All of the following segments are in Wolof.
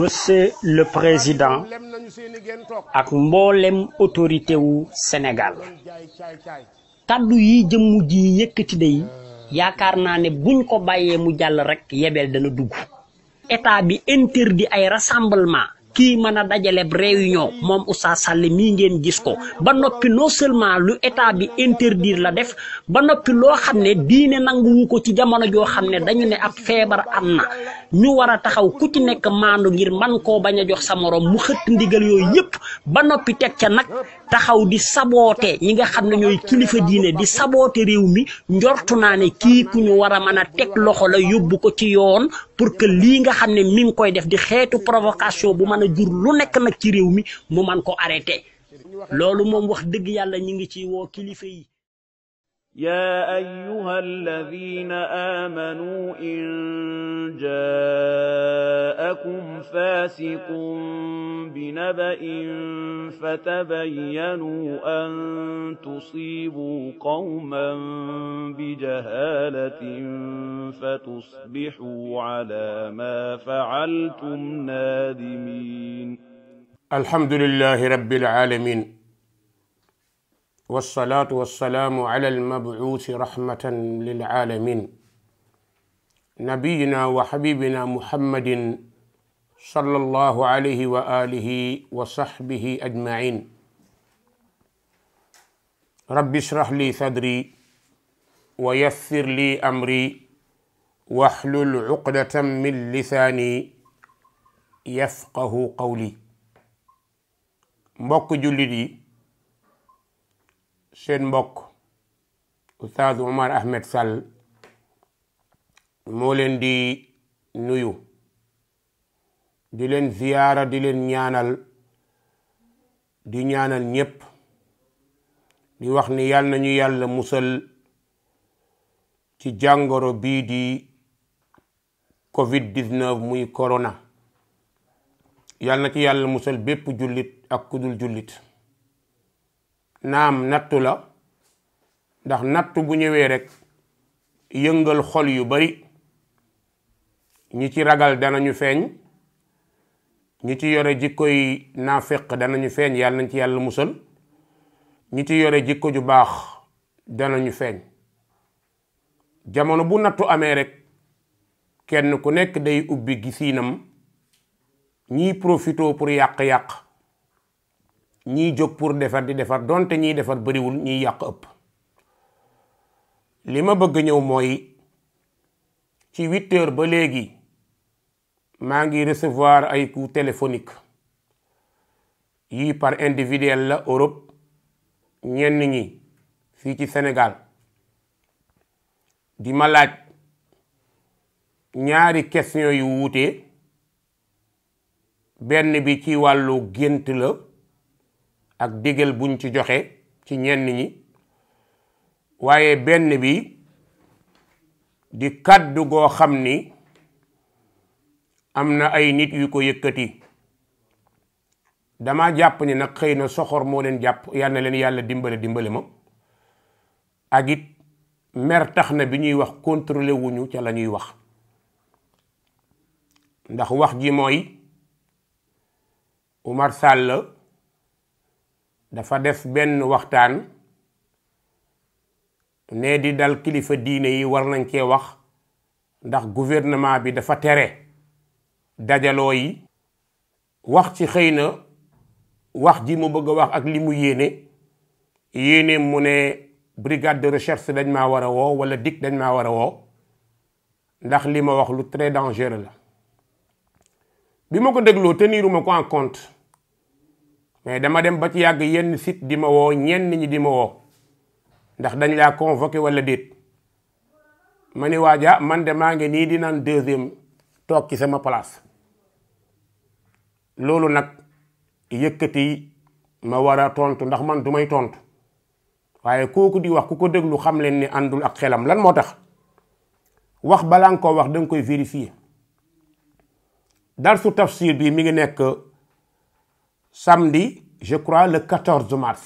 monsieur le président ak mboolem autorité wu Sénégal kàddu yi jëmm ji yëkkati day yaakaar naa ne buñ ko bàyyee mu jàll rek yebeel dana dugg état bi interdit ay rassemblement kii mën a dajalee dajaleb réunion moom Oustaz Sall mii ngeen gis ko ba noppi noo seulement lu état bi interdire la def ba noppi loo xam ne diine nanguwu ko ci jamono joo xam ne dañu ne ab feebar am na ñu war a taxaw ku ci nekk maandu ngir man koo bañ a jox sa morom mu xëtt ndigal yooyu yëpp ba noppi teg ca nag taxaw di saboote ñi nga xam ne ñooy kilifa diine di saboote réew mi njortu naa ne kii ku ñu war a mën a teg loxo la yóbbu ko ci yoon pour que lii nga xam koy def di xeetu mën a jur lu nekk nag ci réew mi mu man ko arrêté loolu moom wax dëgg yàlla ñi ngi ci woo kilifa yi يا أيها الذين آمنوا إن جاءكم فاسق بنبأ فتبينوا أن تصيبوا قوما بجهالة فتصبحوا على ما فعلتم نادمين الحمد لله رب العالمين والصلاة والسلام على المبعوث رحمة للعالمين نبينا وحبيبنا محمد صلى الله عليه وآله وصحبه أجمعين رب اشرح لي صدري ويسر لي أمري واحلل عقدة من لساني يفقه قولي mbokk jullit yi seen mbokk Oustaz Oumar Ahmed Sall moo leen di nuyu di leen ziyaara di leen ñaanal di ñaanal ñépp di wax ni yàl nañu yàlla musal ci jàngoro bii di covid 19 muy corona yàl na ci yàlla musal bépp jullit ak kudul jullit naam nattu la ndax nattu bu ñëwee rek yëngal xol yu bari ñi ci ragal danañu feeñ ñi ci yore jikkoy naaféq danañu feeñ yàlla nañ ci yàlla musal ñi ci yore jikko ju baax danañu feeñ jamono bu nattu amee rek kenn ku nekk day ubbi gisiinam ñiy profitoo pour yàq-yàq ñiy jóg pour defar di defar donte ñiy defar bariwul ñiy yàq ëpp li ma bëgg ñëw mooy ci huit ba léegi maa ngi resevoir ay coups téléphoniques yii par individuel la Europe ñenn ñi fii ci Sénégal di ma laaj ñaari question yu wuute benn bi ci wàllu gént la ak digal buñ ci joxe ci ñenn ñi waaye benn bi di kàddu goo xam ni am na ay nit yu ko yëkkati dama jàpp ni nag xëy na soxor moo leen jàpp yal leen yàlla dimbale dimbale ma ak it mer tax na bi ñuy wax contrôlé wuñu ca la ñuy wax ndax wax ji mooy Oumar Sall dafa def benn waxtaan ne di dal kilifa diine yi war nañ kee wax ndax gouvernement bi dafa tere dajaloo yi wax ci xëy na wax ji mu bëgg a wax ak li mu yéene yéene mu ne brigade de recherche dañ maa war a woo wala dik dañ maa war a woo ndax li ma wax lu très dangereux la bi ma ko dégloo teniruma ko en mais dama dem ba ci yàgg yenn sit di ma woo ñenn ñi di ma woo ndax dañ laa convoqué wala déet ma ni waaja man de maa ngi nii di naan deuxième toog ci sama place loolu nag yëkkati ma war a tontu ndax man du may tontu waaye kooku di wax ku ko déglu xam leen ni àndul ak xelam lan moo tax wax balaa nga koo wax da koy vérifier darsu tafsir bi mi ngi nekk. samedi je crois le 14 mars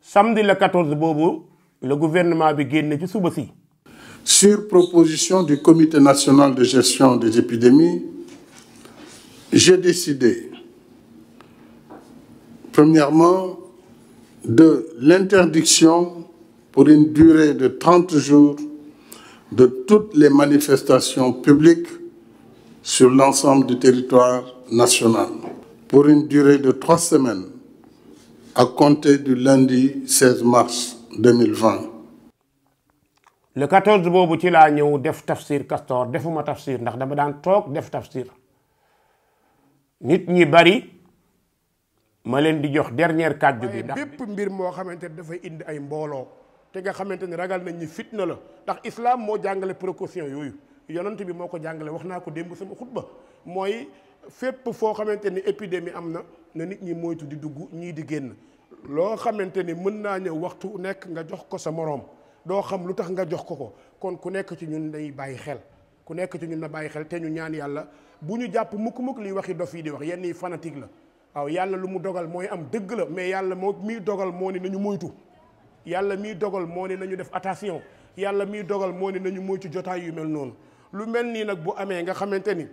samedi le 14 boobu le gouvernement bi génn ci suba si. sur proposition du comité national de gestion des épidémies j'ai décidé premièrement de l'interdiction pour une durée de 30 jours de toutes les manifestations publiques sur l'ensemble du territoire national. pour une durée de trois semaines à compter du lundi 16 mars 2020. le 14 boobu ci laa ñëw def tafsir Castor defuma tafsir ndax dama daan toog def tafsir nit ñi bari ma leen di jox dernière kàddu bi ndax bépp mbir moo xamante ne dafay indi ay mbooloo te nga xamante ni ragal nañ ñi fitna la ndax islaam moo jàngale précaution yooyu yonent bi moo ko jàngale wax naa ko démb sama xutba mooy fépp foo xamante ni épidémie am na na nit ñi moytu di dugg ñii di génn loo xamante ni mën naa ñëw waxtu nekk nga jox ko sa moroom doo xam lu tax nga jox ko ko kon ku nekk ci ñun day bàyyi xel ku nekk ci ñun na bàyyi xel te ñu ñaan yàlla bu ñu jàpp mukk mukk liy waxi dof yi di wax yenn yi fanatique la waaw yàlla lu mu dogal mooy am dëgg la mais yàlla moo miy dogal moo ni nañu moytu yàlla miy dogal moo ni nañu def attention yàlla miy dogal moo ni nañu moytu jotaay yu mel noonu lu mel nii nag bu amee nga xamante ni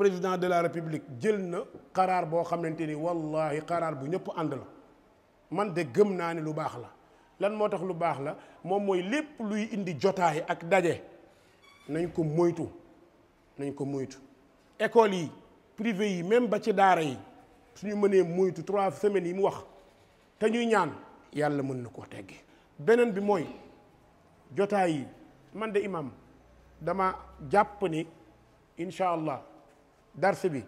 président de la république jël na xaraar boo xamante ni wallahi karaar bu ñëpp ànd la man de gëm naa ne lu baax la lan moo tax lu baax la moom mooy lépp luy indi jotaay ak daje nañ ko moytu nañ ko moytu école yi privé yi même ba ci daara yi suñu mënee moytu trois semaines yi mu wax te ñuy ñaan yàlla mën na ko tegge beneen bi mooy jotaay yi man de imam dama jàpp ni incha allah darse bi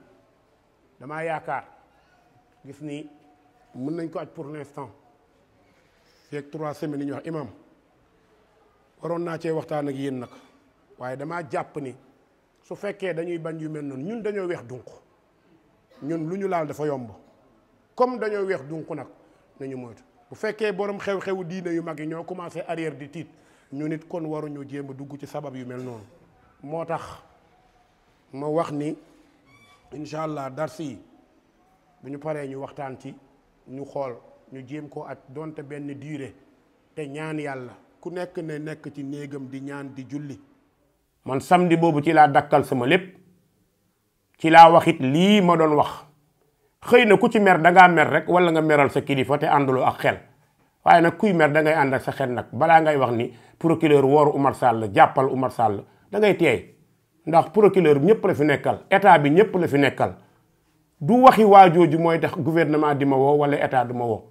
damaa yaakaar gis ni mën nañ ko at pour l'instant feeg trois semaines yi ñu wax imam waroon naa cee waxtaan ak yéen nag waaye damaa jàpp ni su fekkee dañuy bañ yu mel noonu ñun dañoo weex dunq ñun lu ñu laal dafa yomb comme dañoo weex dunq nag nañu moytu bu fekkee boroom xew-xewu diine yu mag yi ñoo commencé arrière di tiit ñu nit kon waruñu jéem a dugg ci sabab yu mel noonu moo tax ma wax ni incha allah dars yi bu ñu paree ñu waxtaan ci ñu xool ñu jéem ko ak donte benn durée te ñaan yàlla ku nekk ne nekk ci néegam di ñaan di julli man samdi boobu ci laa dakkal sama lépp ci laa waxit lii ma doon wax xëy na ku ci mer dangaa mer rek wala nga meral sa kilifa te ànduloo ak xel waaye nag kuy mer da ngay ànd ak sa xel nag balaa ngay wax ni procureur woor Umar Sall jàppal Umar Sall da ngay teey ndax procureur bi ñëpp la fi nekkal état bi ñëpp la fi nekkal du waxi waajooju mooy tax gouvernement di ma woo wala état du ma woo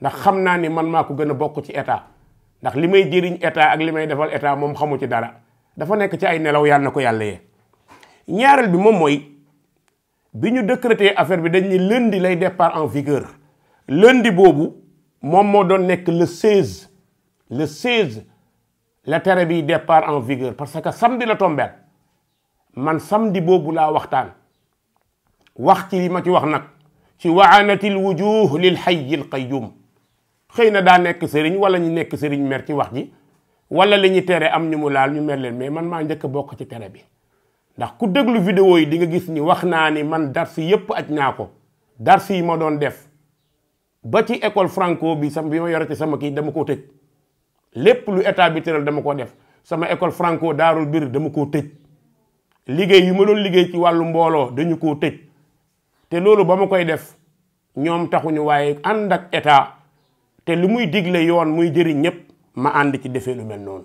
ndax xam naa ni man maa ko gën a bokk ci état ndax li may jëriñ état ak li may defal état moom xamu ci dara dafa nekk ci ay nelaw yàlla na ko yàlla yee. ñaareel bi moom mooy bi ñu décrété affaire bi dañ lëndi lay départ en vigueur lundi boobu moom moo doon nekk le 16 le 16 la tere bi départ en vigueur parce que samedi la tombeel man samedi boobu laa waxtaan wax ci li ma ci wax nag ci waanatil wujuh lil xay qayyum xëy na daa nekk sëriñ wala ñu nekk sëriñ mer ci wax ji wala li ñu tere am ñu mu laal ñu mel leen mais man maa njëkk bokk ci tere bi ndax ku déglu video yi di nga gis ni wax naa ni man darsi yépp aj naa ko darsi yi ma doon def ba ci école franco bi sama bi ma yore ci sama kii dama koo tëj lépp lu état bi tëral dama koo def sama école franco daarul bir dama koo tëj liggéey yu ma doon liggéey ci wàllu mbooloo dañu koo tëj te loolu ba ma koy def ñoom taxuñu waaye ànd ak état te lu muy digle yoon muy jëriñ ñëpp ma ànd ci defee lu mel noonu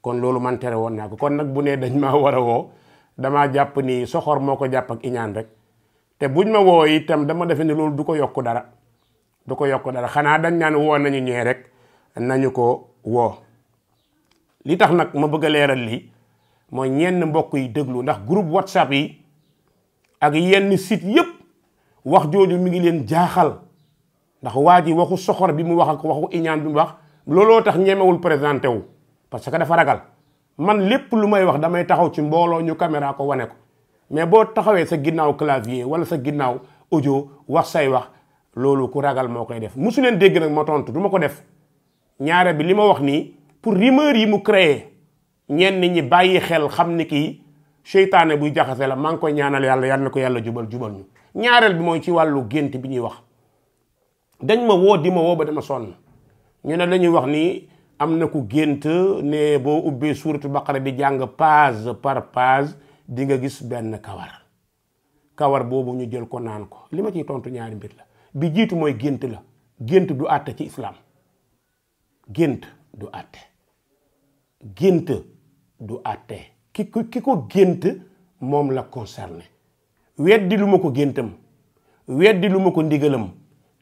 kon loolu man tere woon naa ko kon nag bu nee dañ maa war a woo damaa jàpp ni soxoor moo ko jàpp ak iñaan rek te buñ ma woo itam dama defe ne loolu du ko yokk dara du ko yokk dara xanaa dañ naan woo nañu ñee rek nañu ko woo li tax nag ma bëgg a leeral lii mooy ñenn mbokk yi déglu ndax groupe whatsapp yi ak yenn sit yépp wax jooju mi ngi leen jaaxal ndax waa ji waxu soxor bi mu wax ak waxu iñaan bi mu wax looloo tax ñemewul présenté wu parce que dafa ragal man lépp lu may wax damay taxaw ci mbooloo ñu caméra ko wane ko mais boo taxawee sa ginnaaw clavier wala sa ginnaaw audio wax say wax loolu ku ragal moo koy def mu musu leen dégg nag ma tontu du ma ko def ñaare bi li ma wax nii pour rumeur yi mu créé ñenn ñi bàyyi xel xam ni kii seytaane buy jaxasee la maa koy ñaanal yàlla yàlla na ko yàlla jubal jubal ñu ñaareel bi mooy ci wàllu gént bi ñuy wax dañ ma woo di ma woo ba dama sonn ñu ne lañuy wax ni am na ku gént ne boo ubbee suuratu baqara di jàng page par paase di nga gis benn kawar kawar boobu ñu jël ko naan ko li ma ciy tontu ñaari mbir la bi jiitu mooy gént la gént du àtte ci islaam gént du àtte gént du atte ki ko ki ko gént moom la concerné weddi lu ma ko géntam weddi lu ma ko ndigalam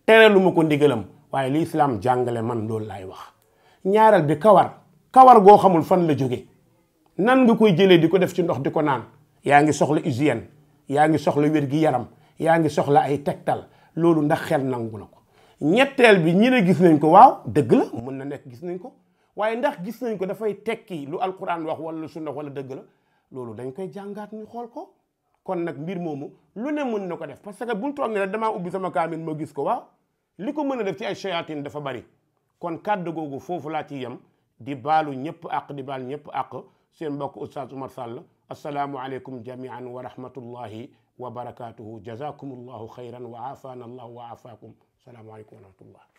tere lu ma ko ndigalam waaye li islaam jàngale man loolu laay wax ñaareel bi kawar kawar goo xamul fan la jóge nan nga koy jëlee di ko def ci ndox di ko naan yaa ngi soxla hygiène yaa ngi soxla wér gi yaram yaa ngi soxla ay tegtal loolu ndax xel nangu na ko ñetteel bi ñi ne gis nañ ko waaw dëgg la mën na nekk gis nañ ko waaye ndax gis nañ ko dafay tekki lu alquran wax wala sunna wala dëgg la loolu dañ koy jàngaat ñu xool ko kon nag mbir moomu lu ne mën na ko def parce que bul toog ne rek damaa ubbi sama kaamin ma gis ko waaw li ko mën a def ci ay shayatin dafa bari kon kàddu googu foofu laa ci yem di baalu ñëpp àq di baal ñëpp àq seen mbokk Oustaz Oumar Sall assalaamu aleykum jamian wa rahmatullahi wa barakatuhu jazakum allahu xayran wa aafana allahu wa aafaakum salaamu aleykum wa rahmatullah